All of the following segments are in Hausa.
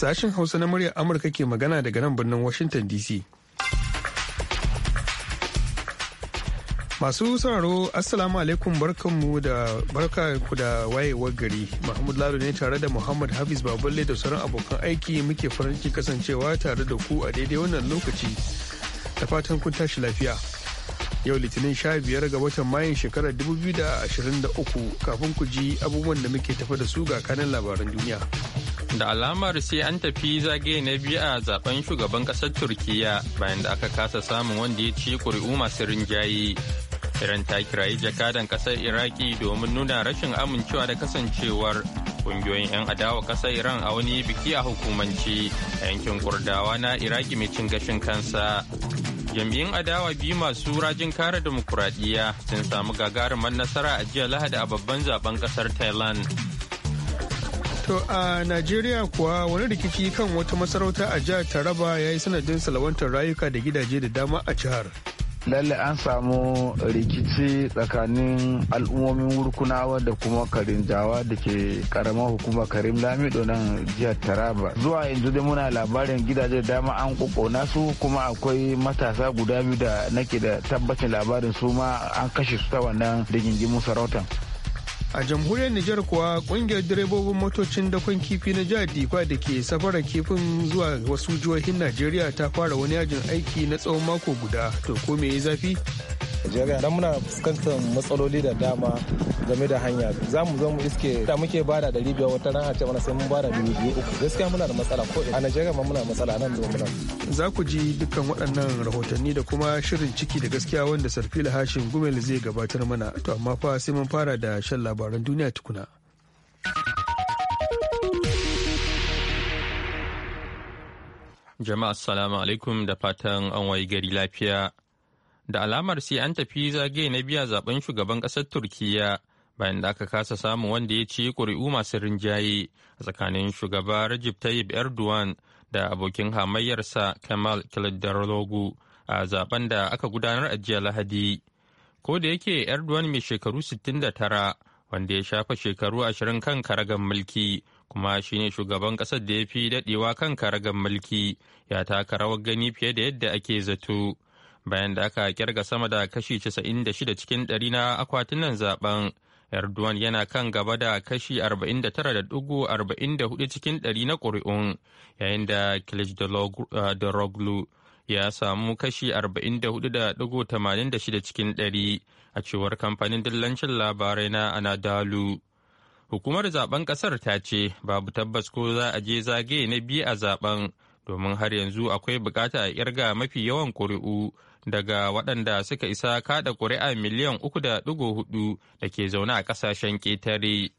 Sashen Hausa na muryar Amurka ke magana daga nan birnin Washington DC. Masu sauraro Assalamu alaikum barkanmu da barka ku da wayewar gari. Mahmud Lalo ne tare da Muhammad Hafiz Baballe da sauran abokan aiki muke farin kasancewa tare da ku a daidai wannan lokaci. Da fatan kun tashi lafiya. yau litinin sha biyar ga watan mayun shekarar 2023 kafin ku ji abubuwan da muke tafa da su ga kanan labaran duniya. Da alamar sai an tafi zage na biyu a zaben shugaban kasar Turkiyya bayan da aka kasa samun wanda ya ci kuri'u masu rinjaye. irin ta kirayi jakadan kasar Iraki domin nuna rashin amincewa da kasancewar kungiyoyin 'yan adawa kasar Iran a wani biki a hukumanci a yankin Kurdawa na Iraki mai cin gashin kansa. jam'iyyun adawa biyu masu rajin kare demokuraɗiyya sun samu gagarumar nasara a jiya lahadi a babban zaben ƙasar thailand To a Najeriya kuwa wani rikici kan wata masarauta a jihar Taraba ya yi sanadin salawantar rayuka da gidaje da dama a jihar. lalle an samu rikici tsakanin al'ummomin wurkunawa da kuma jawa da ke karamar hukumar karim lamido nan jihar taraba zuwa yanzu dai muna labarin gidaje da dama an kokona su kuma akwai matasa guda biyu da nake da tabbacin labarin su ma an kashe su ta wannan rigingimu sarautan a jamhuriyar Nijar kuwa kungiyar direbobin motocin dakon kifi na jihar Difa da ke safarar kifin zuwa wasu jihohin Najeriya ta fara wani yajin aiki na tsawon mako guda to ko me ya zafi Najeriya dan muna fuskantar matsaloli da dama game da hanya za mu zo mu iske da muke da ɗari biyar wata ran ce mana sai mun da dubu biyu uku gaskiya muna da matsala ko a Najeriya ma muna matsala nan da muna. Za ku ji dukkan waɗannan rahotanni da kuma shirin ciki da gaskiya wanda Sarfila Hashin Gumel zai gabatar mana to amma fa sai mun fara da shan labaran duniya tukuna. Jama'a assalamu alaikum da fatan an wayi gari lafiya. da alamar sai an tafi zagaye na biya zaben shugaban ƙasar turkiya bayan da aka kasa samun wanda ya ci ƙuri'u masu rinjaye a tsakanin shugaba rajib tayyip erdogan da abokin hamayyarsa kamal kilidarlogu a zaben da aka gudanar a jiya lahadi ko da yake erdogan mai shekaru 69 wanda ya shafa shekaru ashirin kan karagan mulki kuma shi ne shugaban ƙasar da ya fi daɗewa kan karagan mulki ya taka rawar gani fiye da yadda ake zato. bayan da aka kirga sama da kashi 96 cikin ɗari na akwatunan zaben erdogan yana kan gaba da kashi 49.44 cikin ɗari na ƙuri'un yayin da roglu eh, ya samu kashi 44.86 cikin ɗari a cewar kamfanin dillancin labarai na anadalu hukumar zaben kasar ta ce babu tabbas ko za a je zage na biyu a zaben domin har yanzu akwai bukata a kirga mafi yawan ƙuri'u daga waɗanda suka isa kada ƙuri'a miliyan uku da ɗigo hudu da ke zaune a ƙasashen ƙetare.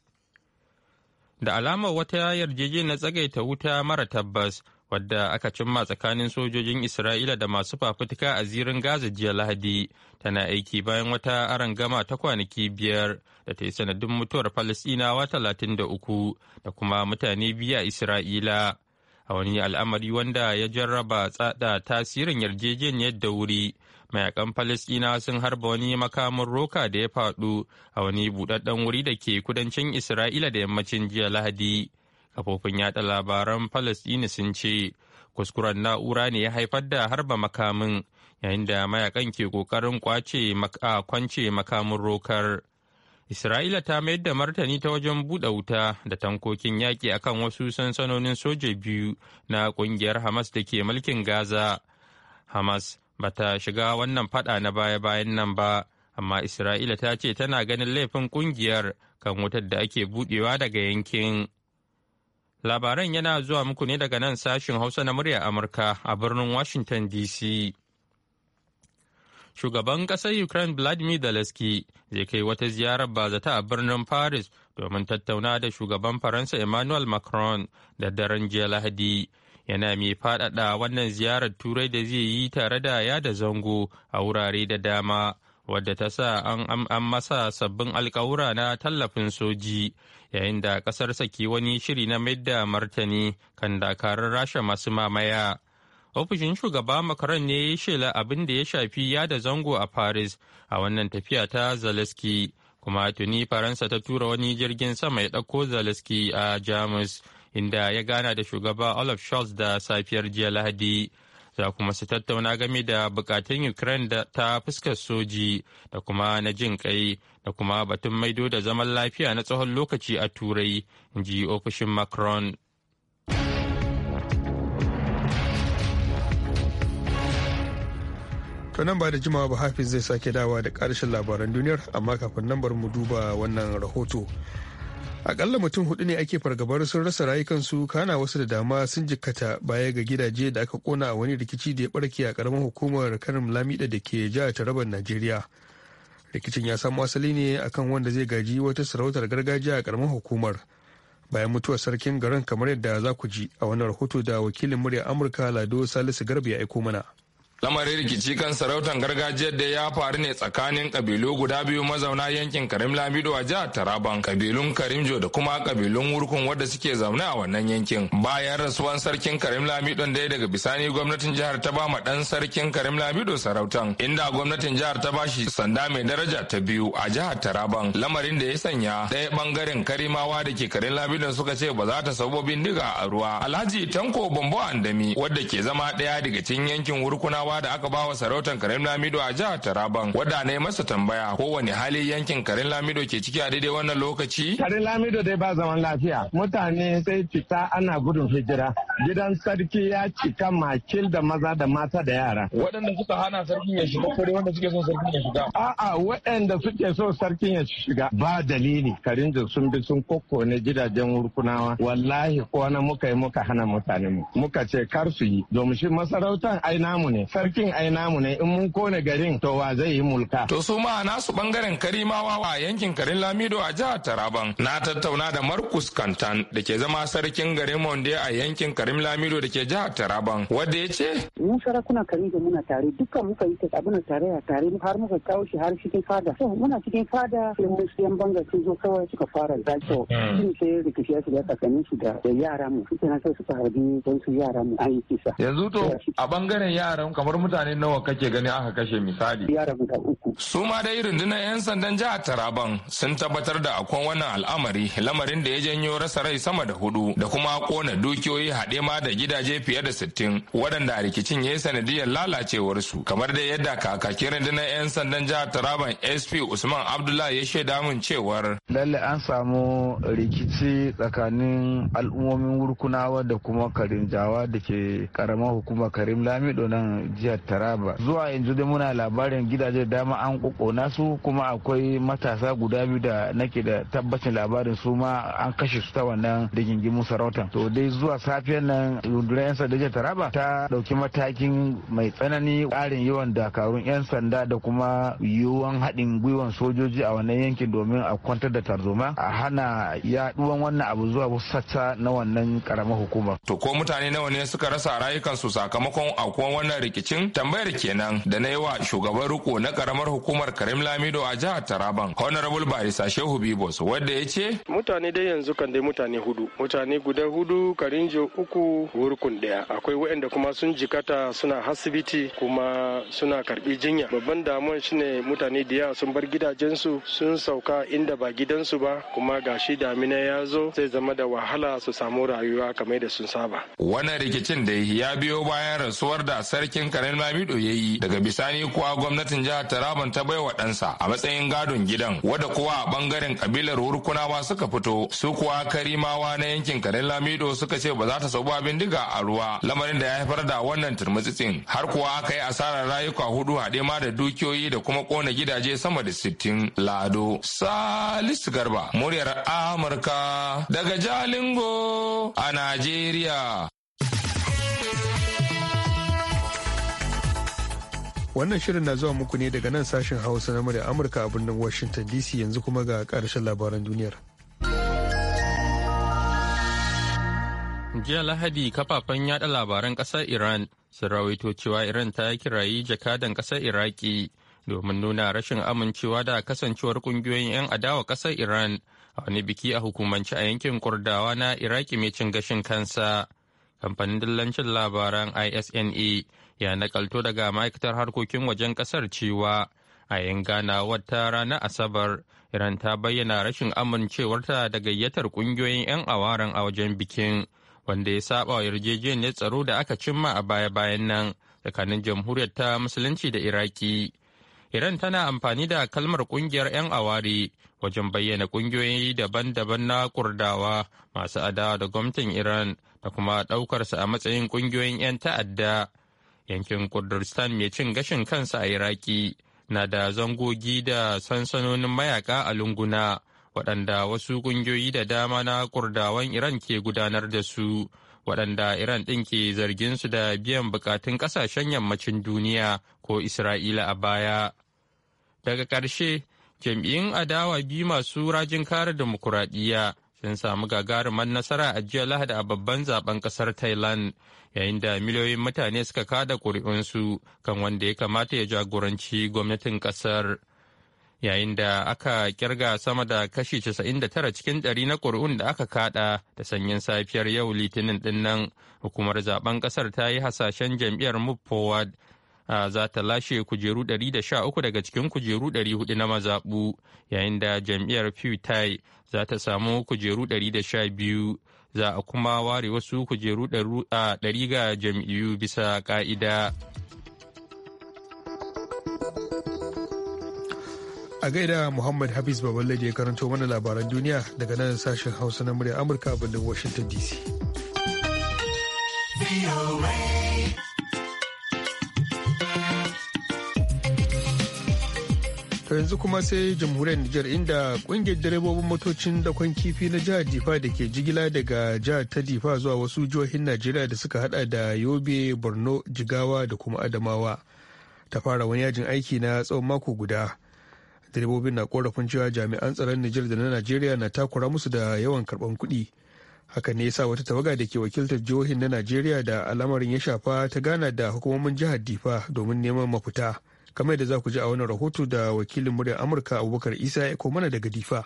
Da alamar wata yarjejeniyar tsagaita wuta mara tabbas wadda aka cimma tsakanin sojojin Isra'ila da masu fafutuka a zirin Gaza jiya Lahadi tana aiki bayan wata gama ta kwanaki biyar da ta yi sanadin mutuwar Falasɗinawa talatin da uku da kuma mutane biya Isra'ila. a wani al'amari wanda ya jarraba tsada tasirin yarjejeniyar da wuri mayakan falasɗina sun harba wani makamin roka da ya faɗu a wani buɗaɗɗen wuri da ke kudancin isra'ila da yammacin jiya lahadi kafofin yaɗa labaran falasɗina sun ce kuskuren na'ura ne ya haifar da harba makamin yayin da mayakan ke ƙoƙarin kwace kwance makamin rokar Isra'ila ta mayar da martani ta wajen buɗe wuta da tankokin yaƙi a kan wasu sansanonin soja biyu na ƙungiyar Hamas da ke mulkin Gaza. Hamas ba ta shiga wannan faɗa na baya-bayan nan ba, amma Isra'ila ta ce tana ganin laifin ƙungiyar kan wutar da ake buɗewa daga yankin. Labaran yana zuwa muku ne daga nan sashin Hausa na murya Amurka a birnin Washington DC. shugaban ƙasar ukraine vladimir zelensky zai kai wata ziyarar bazata a birnin paris domin tattauna da shugaban faransa emmanuel macron da daren jiya lahadi yana mai faɗaɗa wannan ziyarar turai da zai yi tare da yada zango a wurare da dama wadda ta sa an masa sabbin alkawura na tallafin soji yayin da ƙasarsa ke wani shiri na maida martani kan dakarun rasha masu mamaya. ofishin shugaba macron ne ya shela abin da ya shafi yada zango a paris a wannan tafiya ta zaleski kuma tuni faransa ta tura wani jirgin sama ya ɗauko zaleski a jamus inda ya gana da shugaba olaf scholz da safiyar jiya lahadi za kuma su tattauna game da bukatun ukraine da ta fuskar soji da kuma na jin kai da kuma batun maido da zaman lafiya na tsawon lokaci a turai in ji ofishin macron To nan ba da jimawa ba Hafiz zai sake dawa da karshen labaran duniyar amma kafin nan bar mu duba wannan rahoto. Akalla mutum hudu ne ake fargabar sun rasa rayukansu kana wasu da dama sun jikkata baya ga gidaje da aka kona a wani rikici da ya barke a karamar hukumar karim lamida da ke jihar taraban Najeriya. Rikicin ya samu asali ne akan wanda zai gaji wata sarautar gargajiya a karamar hukumar. Bayan mutuwar sarkin garin kamar yadda za ku ji a wani rahoto da wakilin murya Amurka Lado Salisu Garba ya aiko mana. lamarin rikici kan sarautar gargajiyar da ya faru ne tsakanin kabilu guda biyu mazauna yankin karim lamido a jihar taraban kabilun karimjo da kuma kabilun wurkun wadda suke zaune a wannan yankin bayan rasuwan sarkin karim lamido daya daga bisani gwamnatin jihar ta ba ma dan sarkin karim lamido sarautan inda gwamnatin jihar ta ba shi sanda mai daraja ta biyu a jihar taraban lamarin da ya sanya ɗaya bangaren karimawa da ke karim lamido suka ce ba za ta sabo bindiga a ruwa alhaji tanko bambo andami wadda ke zama ɗaya daga cikin yankin wurkunawa dattawa da aka bawa sarautar Karim Lamido a jihar Taraban wadda ne masa tambaya ko wani hali yankin Karim Lamido ke ciki a daidai wannan lokaci. Karim Lamido dai ba zaman lafiya mutane sai fita ana gudun hijira gidan sarki ya cika makil da maza da mata da yara. Waɗanda suka hana sarkin ya shiga ko wanda suke son sarkin ya shiga. A'a waɗanda suke so sarkin ya shiga ba dalili da sun bi sun kokko ne gidajen wurkunawa wallahi ko na muka yi muka hana mutane mu muka ce kar su yi domin shi masarautar ai namu ne. Sarkin ai namu ne in mun kone garin to wa zai yi mulka. To su ma nasu bangaren karimawa a yankin garin Lamido a jihar Taraban na tattauna da Markus Kantan da ke zama sarkin garin Monde a yankin Karim Lamido da ke jihar Taraban wanda ya ce. Mun sarakuna kari da muna tare dukkan muka yi abin tare a tare har muka kawo shi har cikin fada. To muna cikin fada sai mun siyan banga sun zo kawai suka fara da to. Hmm. Shin sai rikici ya shiga tsakanin su da yara mu. Suke na su suka harbi don su yara mu an yi kisa. Yanzu to a bangaren yaran kamar kamar mutane nawa kake gani aka kashe misali su ma dai rundunar 'yan sandan jihar taraban sun tabbatar da akwai wannan al'amari lamarin da ya janyo rasa rai sama da hudu da kuma kona dukiyoyi haɗe ma da gidaje fiye da sittin waɗanda rikicin ya yi sanadiyar lalacewar su kamar dai yadda kakakin rundunar 'yan sandan jihar taraban sp usman abdullahi ya shaida min cewar lalle an samu rikici tsakanin al'ummomin wurkunawa da kuma jawa da ke karamar hukumar karim lamido nan jihar taraba zuwa yanzu dai muna labarin gidaje dama an kokona su kuma akwai matasa guda biyu da nake da tabbacin labarin su ma an kashe su ta wannan rigingimu sarautan to dai zuwa safiyan nan rundunar yan sanda jihar taraba ta dauki matakin mai tsanani ƙarin yawan dakarun yan sanda da kuma yiwuwan haɗin gwiwan sojoji a wannan yankin domin a kwantar da tarzoma a hana yaɗuwan wannan abu zuwa sassa na wannan karamar hukumar to ko mutane nawa ne suka rasa rayukansu sakamakon akwai wannan rikici rikicin tambayar kenan da na yi wa shugaban riko na karamar hukumar karim lamido a jihar taraban honorable barisa shehu bibos wadda ya ce mutane dai yanzu kan dai mutane hudu mutane guda hudu karinjo uku wurkun daya akwai waɗanda kuma sun jikata suna hasibiti kuma suna karbi jinya babban damuwan shine mutane da yawa sun bar gidajensu sun sauka inda ba gidansu ba kuma gashi damina ya zo zai zama da wahala su samu rayuwa kamar da sun saba wannan rikicin da ya biyo bayan rasuwar da sarkin Kanel Lamido ya yi daga bisani kuwa gwamnatin jihar Taraban ta bai wa ɗansa a matsayin gadon gidan wadda kuwa a bangaren kabilar Hurkunawa suka fito su kuwa Karimawa na yankin karen Lamido suka ce ba za ta sau abin diga a ruwa lamarin da ya haifar da wannan turmutsitsin har kuwa aka yi asarar rayuka hudu haɗe ma da dukiyoyi da kuma kona gidaje sama da sittin lado salisu garba muryar amurka daga jalingo a najeriya Wannan shirin na zuwa muku ne daga nan sashen Hausa na murya Amurka a birnin Washington DC yanzu kuma ga karshen labaran duniyar. Jiya Lahadi kafafen yada labaran kasar Iran sun rawaito cewa Iran ta kirayi jakadan kasar Iraki domin nuna rashin amincewa da kasancewar ƙungiyoyin 'yan adawa kasar Iran a wani biki a hukumance a yankin Kurdawa na Iraki mai cin gashin kansa. Kamfanin dillancin labaran ISNA ya nakalto daga ma'aikatar harkokin wajen kasar cewa a yin ganawar ta ranar asabar iran ta bayyana rashin amincewarta da gayyatar kungiyoyin 'yan awaran a wajen bikin wanda ya saba wa yarjejeniyar tsaro da aka cimma a baya-bayan nan tsakanin jamhuriyar ta musulunci da iraki iran tana amfani da kalmar kungiyar 'yan awari wajen bayyana kungiyoyi daban-daban na kurdawa masu adawa da gwamnatin iran da kuma ɗaukarsa a matsayin kungiyoyin 'yan ta'adda yankin kurdistan mai cin gashin kansa a iraki na da zangogi da sansanonin mayaka a lunguna waɗanda wasu ƙungiyoyi da dama na kurdawan iran ke gudanar da su waɗanda iran ɗin ke zargin su da biyan bukatun ƙasashen yammacin duniya ko isra'ila a baya daga ƙarshe jam'iyyun adawa biyu masu rajin kare demokuraɗiyya sun samu gagarumar nasara a jiya lahadi a babban zaben ƙasar thailand yayin da miliyoyin mutane suka kada ƙuri'unsu kan wanda ya kamata ya jagoranci gwamnatin ƙasar yayin da aka kirga sama da kashi 99 cikin ɗari na ƙuri'un da aka kada da sanyin safiyar yau litinin dinnan hukumar zaben ƙasar ta yi hasashen jam'iyyar move forward za ta lashe kujeru 113 daga cikin kujeru 400 na mazaɓu yayin da jam'iyyar Pew za ta samu kujeru 112 za a kuma ware wasu kujeru ɗari ga jam'iyyu bisa ƙa'ida. A gaida Muhammad Hafiz Baballe da ya karanto mana labaran duniya daga nan sashen Hausa na murya Amurka a birnin Washington DC. To yanzu kuma sai jamhuriyar Nijar inda kungiyar direbobin motocin da kwan kifi na jihar Difa da ke jigila daga jihar ta Difa zuwa wasu jihohin Najeriya da suka hada da Yobe, Borno, Jigawa da kuma Adamawa. Ta fara wani yajin aiki na tsawon mako guda. Direbobin na korafin cewa jami'an tsaron Nijar da na Najeriya na takura musu da yawan karban kuɗi. Haka ne yasa wata tawaga da ke wakiltar jihohin na Najeriya da al'amarin ya shafa ta gana da hukumomin jihar Difa domin neman mafuta kamar yadda za ku ji a wani rahoto da wakilin muryar amurka abubakar isa ya mana daga difa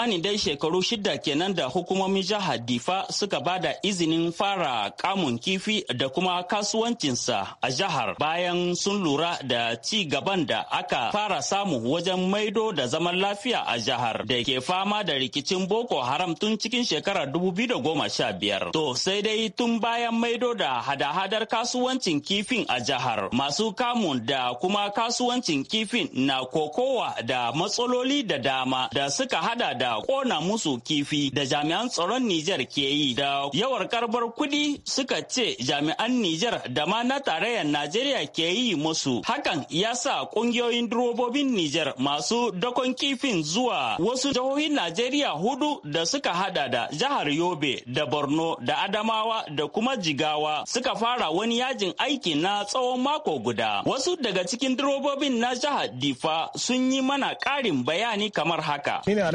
Ani dai shekaru shida kenan da hukumomin jihar difa suka ba da izinin fara kamun kifi da kuma kasuwancinsa a jihar bayan sun lura da ci gaban da aka fara samu wajen maido da zaman lafiya a jihar da ke fama da rikicin boko haram tun cikin shekarar 2015 to sai dai tun bayan maido da hada-hadar kasuwancin kifin a jihar masu kamun da kuma kasuwancin kifin na kokowa da matsaloli da dama da suka hada da da kona musu kifi da jami'an tsaron Nijar ke yi da yawar karbar kuɗi suka ce jami'an Nijar da ma na tarayyar Najeriya ke yi musu. Hakan ya sa ƙungiyoyin durobobin Nijar masu dakon kifin zuwa wasu jihohin Najeriya hudu da suka hada da jihar Yobe da Borno da Adamawa da kuma Jigawa suka fara wani yajin aiki na tsawon mako guda. Wasu daga cikin durobobin na jihar Difa sun yi mana ƙarin bayani kamar haka. Ina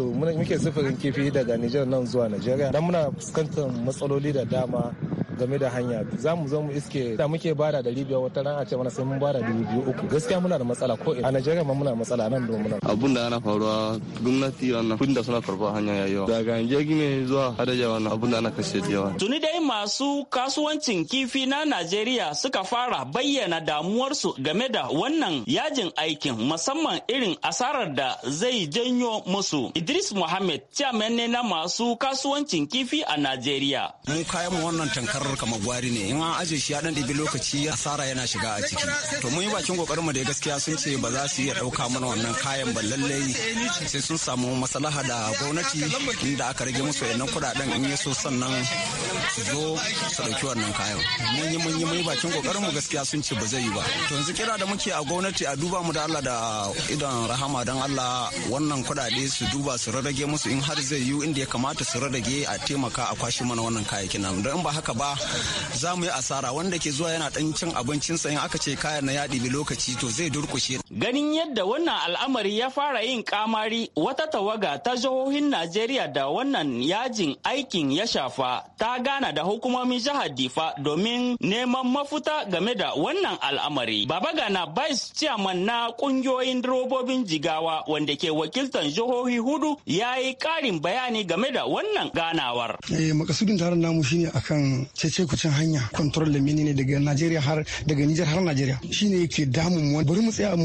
muhammadu muke sufurin kifi daga nijar nan zuwa Najeriya. dan muna fuskantar matsaloli da dama game da hanya za mu zo mu iske da muke bada dari biyar wata ran a ce mana sai mun bada dubu biyu uku gaskiya muna da matsala ko a Najeriya ma muna matsala nan da muna abun da ana faruwa gwamnati wannan kudin da suna karɓar hanya yayi yawa daga yanzu ne zuwa hadaja wannan abun da ana kashe da yawa tuni dai masu kasuwancin kifi na Najeriya suka fara bayyana damuwarsu game da wannan yajin aikin musamman irin asarar da zai janyo musu Idris Muhammad chairman ne na masu kasuwancin kifi a Najeriya mun kayan wannan tankar kamar kamar gwari ne in an aje shi ya dan ɗibi lokaci asara yana shiga a ciki to mun yi bakin kokarin mu da gaskiya sun ce ba za su iya ɗauka mana wannan kayan ba lallai sai sun samu maslaha da gwamnati inda aka rage musu wannan kuɗaɗen in yaso sannan su zo su ɗauki wannan kayan mun yi mun yi mun yi bakin kokarin mu gaskiya sun ce ba zai yi ba to yanzu kira da muke a gwamnati a duba mu da Allah da idan rahama dan Allah wannan kuɗaɗe su duba su rarrage musu in har zai yiwu inda ya kamata su rarrage a taimaka a kwashi mana wannan kayayyakin nan don ba haka ba za mu yi asara wanda ke zuwa yana ɗan cin abincinsa in aka ce kaya na yaɗi bi lokaci to zai durkushe. Ganin yadda wannan al'amari ya fara yin kamari wata tawaga ta jihohin Najeriya da wannan yajin aikin ya shafa ta gana da hukumomin jihar Difa domin neman mafuta game da wannan al'amari. Baba Gana Vice Chairman na kungiyoyin robobin jigawa wanda ke wakiltan jihohi hudu ya yi karin bayani game da wannan ganawar. Eh makasudin taron namu shine akan cece kucin hanya control da ne daga Najeriya har daga Nijar har Najeriya shine yake damun wani bari mu tsaya eh,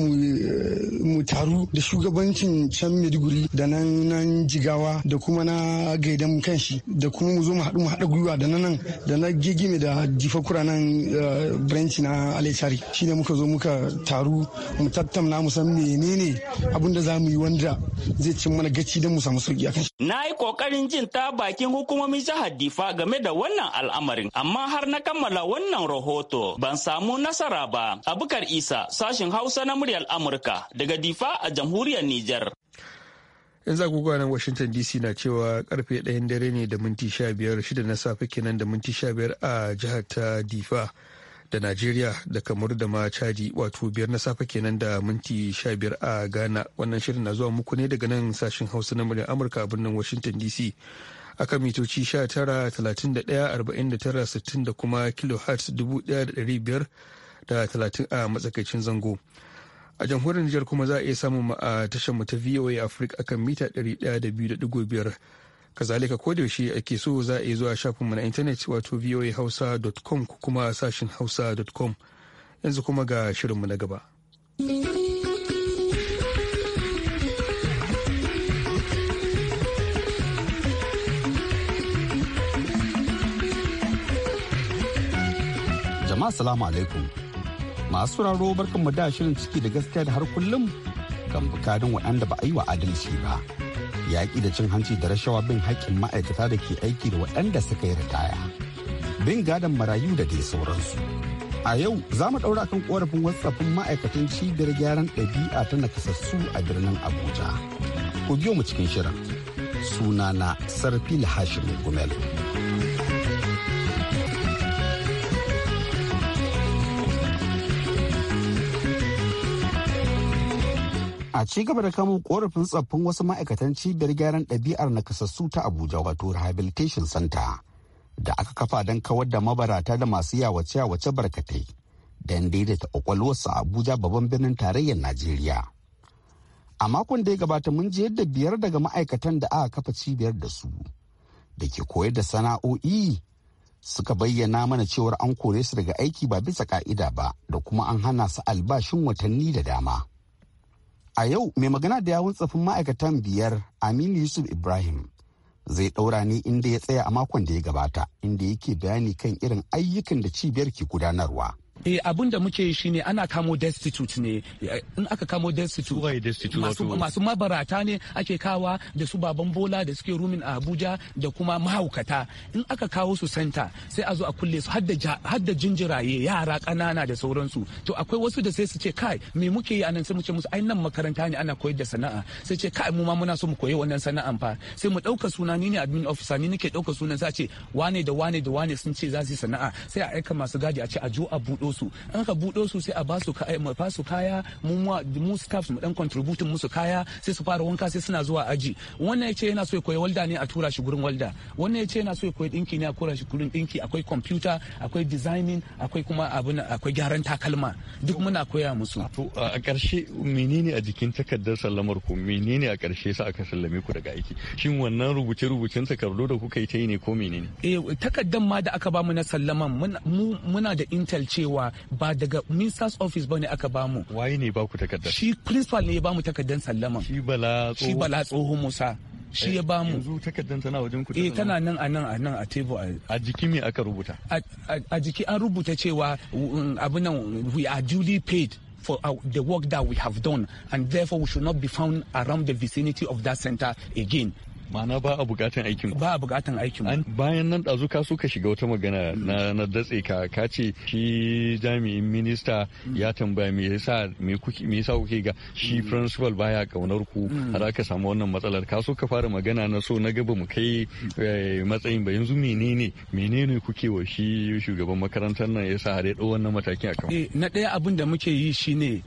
mu taru da shugabancin can Maiduguri da nan nan Jigawa da kuma na gaidan kanshi da kuma mu zo mu haɗu mu haɗa gwiwa da nan da na gigime da kura nan eh, branch na Alechari shine muka zo muka taru mu tattauna mu san menene abin da za mu yi wanda zai cin mana gaci don mu samu sauki a shi na yi kokarin jin ta bakin hukumomin jihar Difa game da wannan al'amarin Amma har na kammala wannan rahoto ban samu nasara ba. Abukar Isa sashin Hausa na muryar Amurka daga Difa a jamhuriyar Nijar. yanzu agogo nan washington dc na cewa karfe ɗayan dare ne da minti biyar shida na safe kenan da minti biyar a jihar ta difa da najeriya da kamar da ma chadi wato biyar na safe kenan da minti biyar a ghana wannan shirin na zuwa muku ne daga nan sashin hausa na muryar amurka a birnin washington dc akan mitoci 19,31,49,60 da kuma kilohertz 1,500 da 30 a matsakaicin zango. A jamhuriyar Nijar kuma za a iya samun a tashar mu ta VOA Africa akan mita 102.5. Kazalika ko da yaushe ake so za a iya zuwa shafinmu na intanet wato voahausa.com ko kuma sashin hausa.com. Yanzu kuma ga shirinmu na gaba. jama'a salamu alaikum masu raro barkan mu da shirin ciki da gaskiya da har kullum kan bukadin waɗanda ba a yi wa adalci ba yaƙi da cin hanci da rashawa bin haƙƙin ma'aikata da ke aiki da waɗanda suka yi ritaya bin gadon marayu da dai sauransu a yau za mu ɗaura kan ƙorafin wasafin ma'aikatan cibiyar gyaran ɗabi'a ta nakasassu a birnin abuja ku biyo mu cikin shirin sunana sarfil hashim gumel a ci gaba da kamun korafin tsaffin wasu ma'aikatan cibiyar gyaran ɗabi'ar nakasassu ta abuja wato rehabilitation center da aka kafa don kawar da mabarata da masu yawace yawace barkatai don daidaita kwakwalwarsu a abuja babban birnin tarayyar najeriya a makon da ya gabata mun je yadda biyar daga ma'aikatan da aka kafa cibiyar da su da ke koyar da sana'o'i suka bayyana mana cewar an kore su daga aiki ba bisa ka'ida ba da kuma an hana su albashin watanni da dama. A yau mai magana da yawun tsafin ma'aikatan biyar Aminu Yusuf Ibrahim zai ɗaura ne inda ya tsaya a makon da ya gabata inda yake bayani kan irin ayyukan da cibiyar ke gudanarwa. eh abin da muke yi shine ana kamo destitute ne eh, in aka kamo destitute masu mabarata ne ake kawa da su baban bola da suke rumin a abuja da kuma mahaukata in aka kawo su santa sai a zo a kulle su har da jinjiraye yara kanana da sauransu to akwai wasu da sai su ce kai me muke yi anan sai mu ce musu ai nan makaranta ne ana koyar da sana'a sai ce kai mu ma muna so mu koyi wannan sana'an fa sai mu ɗauka suna ni ne admin officer ni nake ɗauka sunan sai a ce wane da wane da wane sun ce za su yi sana'a sai a aika masu gadi a ce a jo a buɗo buɗo su in ka buɗo su sai a ba su kaya mu staffs mu dan contributing musu kaya sai su fara wanka sai suna zuwa aji wannan yace yana so ya koyi walda ne a tura shi gurin walda wannan yace yana so ya koyi dinki ne a kura shi gurin dinki akwai computer akwai designing akwai kuma abin akwai gyaran takalma duk muna koya musu a ƙarshe menene a jikin takardar sallamar ku menene a ƙarshe sa aka sallame ku daga aiki shin wannan rubuce rubucen takardu da kuka yi ta yi ne ko menene eh takardar ma da aka ba mu na sallaman muna da intel cewa cewa ba daga minister's office bane aka bamu waye ne ba ku takardar shi principal ne ya bamu takardar sallama. shi bala shi bala tsoho musa shi ya eh, bamu yanzu takardar tana wajen ku eh tana nan a nan a nan a table a jiki me aka rubuta a jiki an rubuta cewa abin nan we are duly paid for the work that we have done, and therefore we should not be found around the vicinity of that center again. ma'ana ba a bukatan aikin ba a bukatan aikin bayan nan ɗazu ka so ka shiga wata magana na na datse ka ka ce shi jami'in minista ya tambaya me yasa me kuke me yasa kuke ga shi mm. principal baya kaunar ku mm. har aka samu wannan matsalar ka so ka fara magana na so na gaba mu kai eh, matsayin ba yanzu menene menene kuke wa shi shugaban makarantar nan yasa har ya dau wannan matakin akan eh, na ɗaya abin da muke yi shine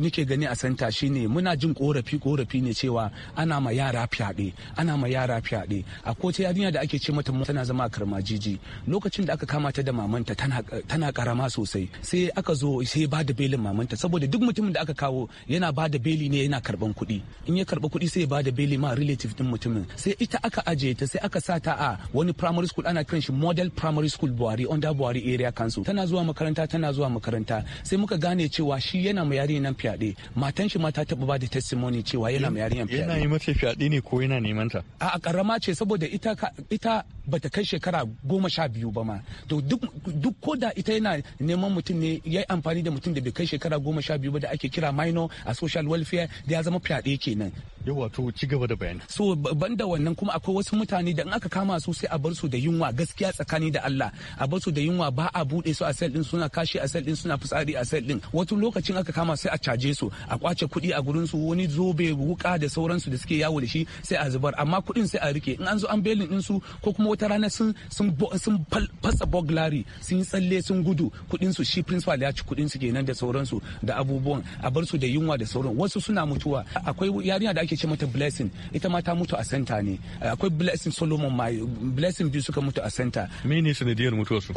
nake eh, gani a santa shine muna jin korafi korafi ne cewa ana ma yara fyaɗe ana ana ma yara fyaɗe a ta yarinya da ake ce mata tana zama a jiji lokacin da aka kama ta da mamanta tana karama sosai sai aka zo sai ba da belin mamanta saboda duk mutumin da aka kawo yana ba da beli ne yana karban kuɗi in ya karba kuɗi sai ya ba da beli ma relative din mutumin sai ita aka aje ta sai aka sa ta a wani primary school ana kiran shi model primary school buhari under buhari area council tana zuwa makaranta tana zuwa makaranta sai muka gane cewa shi yana ma nan fyaɗe matan shi ma ta taɓa ba testimony cewa yana ma yarinya fyaɗe yana yi mata fyaɗe ne ko yana neman ta a karama ce saboda ita ita bata kai shekara goma sha biyu ba ma to duk ko da ita yana neman mutum ne ya yi amfani da mutum da bai kai shekara goma sha biyu ba da ake kira minor a social welfare da ya zama fyaɗe kenan yawa to ci gaba da bayani so banda wannan kuma akwai wasu mutane da in aka kama su sai a bar su da yunwa gaskiya tsakani da Allah a bar su da yunwa ba a bude su a sel din suna kashi a sel din suna fitsari a sel din wato lokacin aka kama sai a caje su a kwace kuɗi a gurin su wani zobe wuka da sauransu da suke yawo da shi sai a zubar amma amma kuɗin sai a rike in an zo an belin din su ko kuma wata rana sun sun sun fasa burglary sun yi tsalle sun gudu kuɗin su shi principal ya ci kuɗin su kenan da sauransu da abubuwan a bar su da yunwa da sauran wasu suna mutuwa akwai yarinya da ake ce mata blessing ita ma ta mutu a santa ne akwai blessing solomon ma blessing biyu suka mutu a santa mene sanadiyar mutuwarsu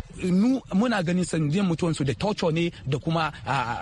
muna ganin sanadiyar mutuwarsu da torture ne da kuma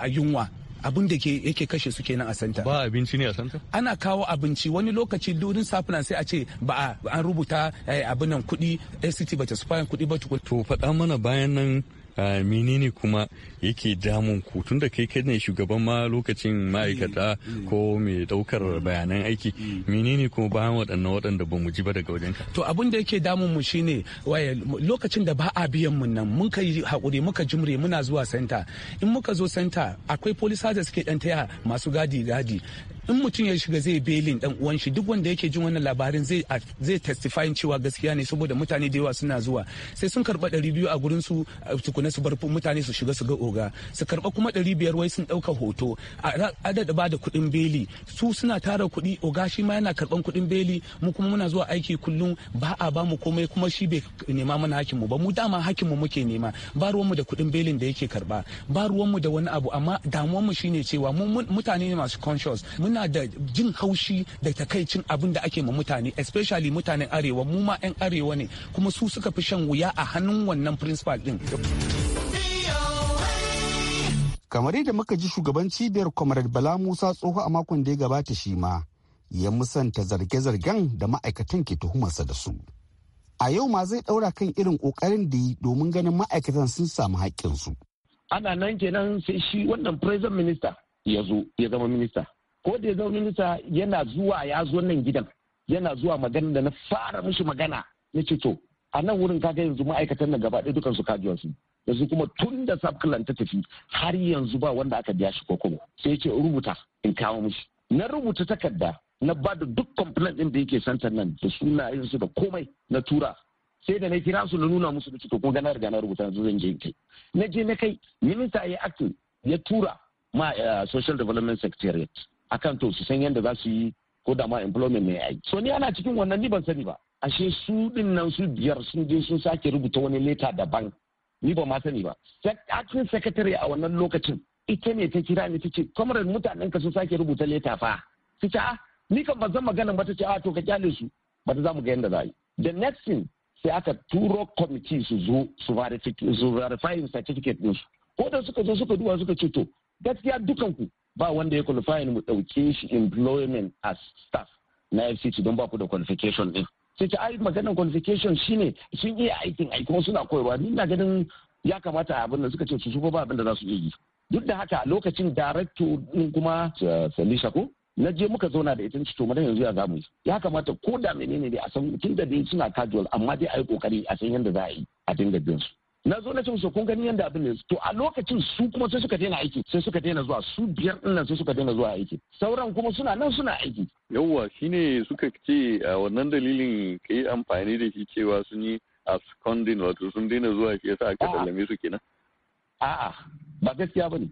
yunwa abin da yake kashe su kenan a santa ba abinci ne a santa ana kawo abinci wani lokaci durin safinan sai a ce ba an rubuta eh, abin nan kuɗi eh, ba bata su fayan kuɗi ba tukun to faɗa mana bayan nan menene kuma yake damun ku tun da kai ne shugaban ma lokacin ma'aikata ko mai daukar bayanan aiki menene kuma bayan waɗannan waɗanda ba mu ji ba daga wajen to abin da yake damun mu shine waye lokacin da ba a biyan mu nan mun kai hakuri muka jimre muna zuwa santa in muka zo santa akwai police da suke dan taya masu gadi gadi in mutum ya shiga zai belin dan uwan shi duk wanda yake jin wannan labarin zai zai testify cewa gaskiya ne saboda mutane da yawa suna zuwa sai sun karba ɗari biyu a gurin su tukuna su bar mutane su shiga su ga oga su karba kuma ɗari biyar wai sun dauka hoto a adada ba da kuɗin beli su suna tara kuɗi oga shi ma yana karban kuɗin beli mu kuma muna zuwa aiki kullum ba a ba mu komai kuma shi bai nema mana hakin mu ba mu dama hakin mu muke nema ba ruwan mu da kuɗin belin da yake karba ba ruwan mu da wani abu amma damuwar mu shine cewa mu mutane ne masu conscious mun muna da jin haushi da takaicin abin da ake ma mutane especially mutanen arewa mu ma 'yan arewa ne kuma su suka fi shan wuya a hannun wannan principal din kamar yadda muka ji shugaban cibiyar comrade bala musa tsoho a makon da ya gabata shi ma ya musanta zarge-zargen da ma'aikatan ke tuhumarsa da su a yau ma zai ɗaura kan irin kokarin da yi domin ganin ma'aikatan sun samu haƙƙinsu. ana nan kenan sai shi wannan president minister ya zo ya zama minister. ko da ya zama minista yana zuwa ya zo nan gidan yana zuwa magana da na fara musu magana na ce to a nan wurin kaga yanzu ma'aikatan na gaba ɗaya dukan su su yanzu kuma tun da sabkilan ta tafi har yanzu ba wanda aka biya shi ko kuma sai ya ce rubuta in kawo mishi na rubuta takarda na ba da duk complaint ɗin da yake santar nan da sunayen su da komai na tura sai da na kira su na nuna musu da kuma gana riga na rubuta yanzu zan je kai na je na kai minista ya acting ya tura ma eh, social development secretariat akan to su san yadda za su yi ko da ma employment ne yi. so ni ana cikin wannan ni ban sani ba ashe su din nan su biyar sun je sun sake rubuta wani leta daban ni ba ma sani ba acting secretary a wannan lokacin ita ne ta kira ni tace comrade mutanen ka sun sake rubuta leta fa a ah, ni kan ba zan magana ba tace a ah, to ka kyale su ba ta zamu ga yanda za yi the next thing sai aka turo committee su zo su verify su certificate din su ko da suka zo suka duba suka ce to gaskiya dukan ku ba wanda ya qualifying mu ɗauke shi employment as staff na FCT don ba ku da qualification din. Sai ta ai maganar qualification shine sun iya aikin ai kuma suna koyarwa ni na ganin ya kamata abin da suka ce su ba abin da za su iya yi. Duk da haka lokacin director ɗin kuma Salisha ko na je muka zauna da ita to madan yanzu ya zamu ya kamata ko da menene a san tun da dai suna casual amma dai a yi kokari a san yadda za a yi a dinga bin su na zo na ce musu kun gani yanda abin ne to a lokacin su kuma sai suka daina aiki sai suka daina zuwa su biyar din nan sai suka daina zuwa aiki sauran kuma suna nan suna aiki yawwa shine suka ce a wannan dalilin kai amfani da shi cewa sun yi absconding wato sun daina zuwa shi yasa aka sallame su kenan a'a ba gaskiya bane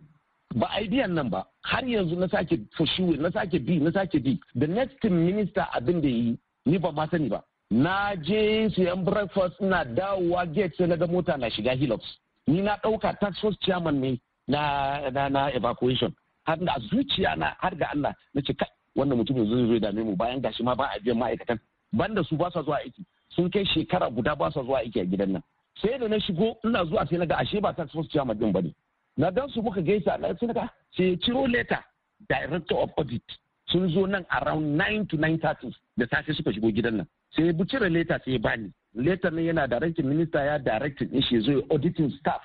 ba idean nan ba har yanzu na sake fushi na sake bi na sake bi the next minister abin da yi ni ba ma sani ba na je siyan breakfast na dawowa gate sai na ga mota na shiga hilux ni na ɗauka tax force chairman ne na na, na evacuation har da zuciya na har ga Allah na ce kai wannan mutumin zai zo da mu bayan gashi ma ba a biyan ma'aikatan banda su ba sa zuwa aiki sun kai shekara guda ba sa zuwa aiki a gidan nan sai da na shigo ina zuwa sai na ga ashe ba tax force chairman din bane na dan su muka gaisa na sai na ga sai ciro letter director of audit sun zo nan around 9 to 9:30 da safe suka shigo gidan nan sai bu cire leta sai bani leta ne yana da directing minista ya directing din shi zai auditing staff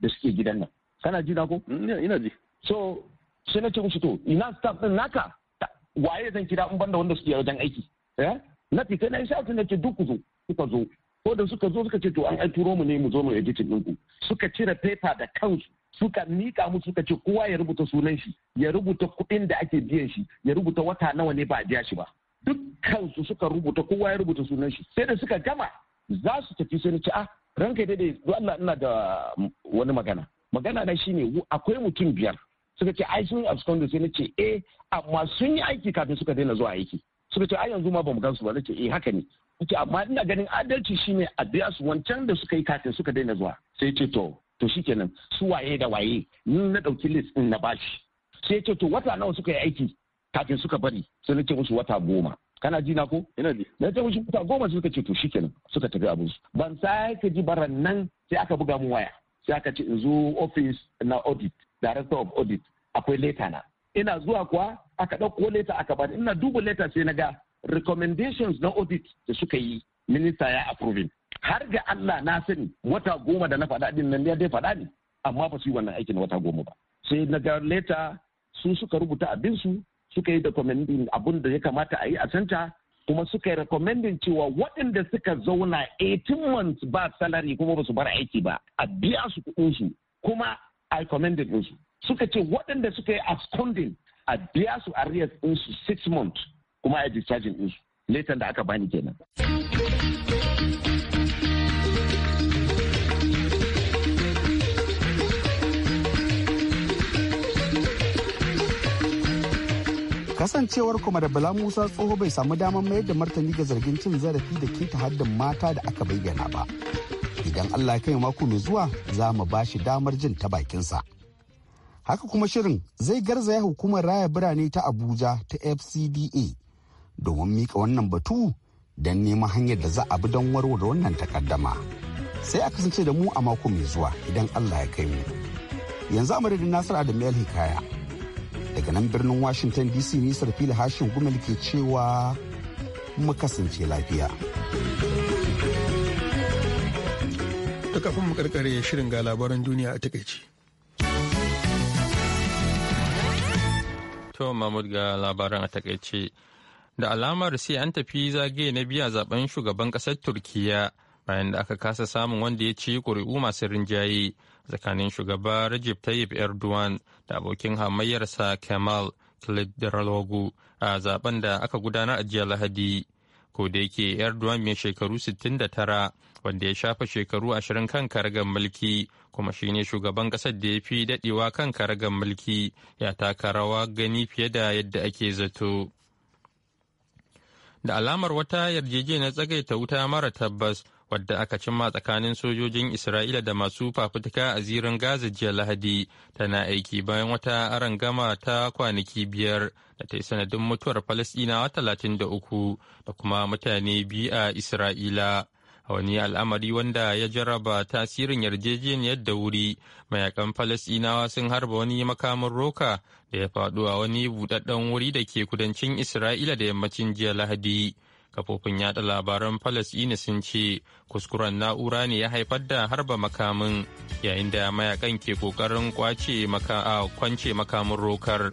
da suke gidan nan kana ji na ko ina ji so sai na ce musu to ina staff din naka waye zan kira in banda wanda suke wajen aiki eh na fita na isa na ce duk ku zo kuka zo ko da suka zo suka ce to an ai turo mu ne mu zo mu editing din ku suka cire paper da kansu suka mika mu suka ce kowa ya rubuta sunan shi ya rubuta kuɗin da ake biyan shi ya rubuta wata nawa ne ba a biya shi ba dukkansu suka rubuta kowa ya rubuta sunan shi sai da suka gama za su tafi sai na ci a ah, ranka daidai don Allah ina da wani magana magana na shine akwai mutum biyar suka ce ai sun abscondo sai na ce eh amma sun yi aiki kafin suka daina zuwa aiki suka ce ai yanzu ma bamu gansu ba nace eh haka ne nace amma ina ganin adalci shine a biya su wancan da suka yi kafin suka daina zuwa sai ce to to shikenan su waye da waye ni na dauki list din na bashi sai ce to wata nawa suka yi aiki kafin suka bari sai na ce musu wata goma kana ji na ko ina ji na ce musu wata goma suka ce to shikenan suka tafi abin su ban sa sake ji baran nan sai aka buga mu waya sai aka ce in zo office na audit director of audit akwai leta na ina zuwa kuwa aka ɗauko leta aka bani ina duba leta sai na ga recommendations na audit da suka yi minista ya approve. har ga Allah na sani wata goma da na faɗa din nan ya dai faɗa ne amma ba su yi wannan aikin wata goma ba sai na ga leta su suka rubuta abinsu suka yi recommending abin da ya kamata a yi a canta kuma suka yi recommending cewa waɗanda suka zauna 18 months ba salary kuma ba su bar aiki ba a biya su kuɗin su kuma a recommended din su suka ce waɗanda suka yi absconding a biya su arrears din su 6 months kuma a discharging din su da aka bani kenan. kasancewar kuma da bala musa tsoho bai samu damar mayar da martani ga zargin cin zarafi da keta haddin mata da aka bayyana ba idan allah ya kai mako mai zuwa za mu ba shi damar jin ta bakinsa haka kuma shirin zai garzaya hukumar raya birane ta abuja ta fcda domin mika wannan batu don neman hanyar da za a bi don warware wannan takaddama sai a kasance da mu a mako mai zuwa idan allah ya kai mu yanzu a madadin nasiru adamu hikaya daga nan birnin washington dc nisar fili hashin gumel ke cewa mu kasance lafiya kafin mu karkare shirin ga labaran duniya a takaici to mahmud ga labaran a takaice da alamar sai an tafi zage na biya zaben shugaban kasar turkiya bayan da aka kasa samun wanda ya ci kuri'u masu rinjaye tsakanin shugaba Recep Tayyip Erdogan da abokin hamayyarsa Kemal Kılıçdaroğlu a zaben da aka gudanar a jiya Lahadi. Ko da yake Erdogan mai shekaru 69 wanda ya shafa shekaru 20 kan karagar mulki kuma shine shugaban kasar da ya fi dadewa kan karagar mulki ya taka rawa gani fiye da yadda ake zato. Da alamar wata yarjejeniyar tsagaita wuta mara tabbas wadda aka cimma tsakanin sojojin Isra'ila da masu fafutuka a zirin Gaza jiya Lahadi tana aiki bayan wata arangama ta kwanaki biyar da ta yi sanadin mutuwar Falasɗinawa talatin da uku da kuma mutane biyu a Isra'ila. A wani al'amari wanda ya jaraba tasirin yarjejeniyar da wuri, mayakan Falasɗinawa sun harba wani makamin roka da ya faɗo a wani buɗaɗɗen wuri da ke kudancin Isra'ila da yammacin jiya Lahadi. kafofin yada labaran falasɗina sun ce kuskuren na'ura ne ya haifar da harba makamin yayin da mayakan ke kokarin kwace a kwance makamin rokar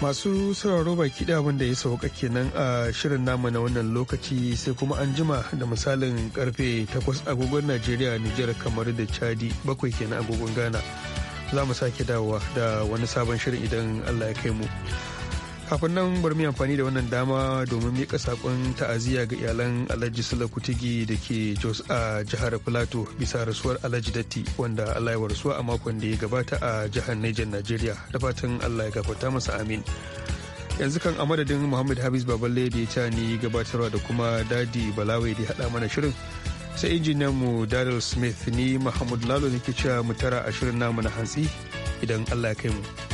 masu sauraro baki kiɗa abin da ya sauka kenan a shirin namu na wannan lokaci sai kuma an jima da misalin karfe 8 agogon najeriya nijar kamar da chadi bakwai kenan agogon ghana za mu sake dawowa da wani sabon shirin idan allah ya kai mu kafin nan bari mu amfani da wannan dama domin mika sakon ta'aziyya ga iyalan alhaji sula kutigi da ke jos a jihar plateau bisa rasuwar alhaji datti wanda allah ya warsuwa a makon da ya gabata a jihar niger nigeria da fatan allah ya gafarta masa amin yanzu kan a madadin muhammad habis baballe da ya ta ni gabatarwa da kuma dadi balawai da ya hada mana shirin sai injiniyan mu daryl smith ni mahmud lalo ne ke cewa mu tara a shirin namu na hantsi idan allah ya kai mu.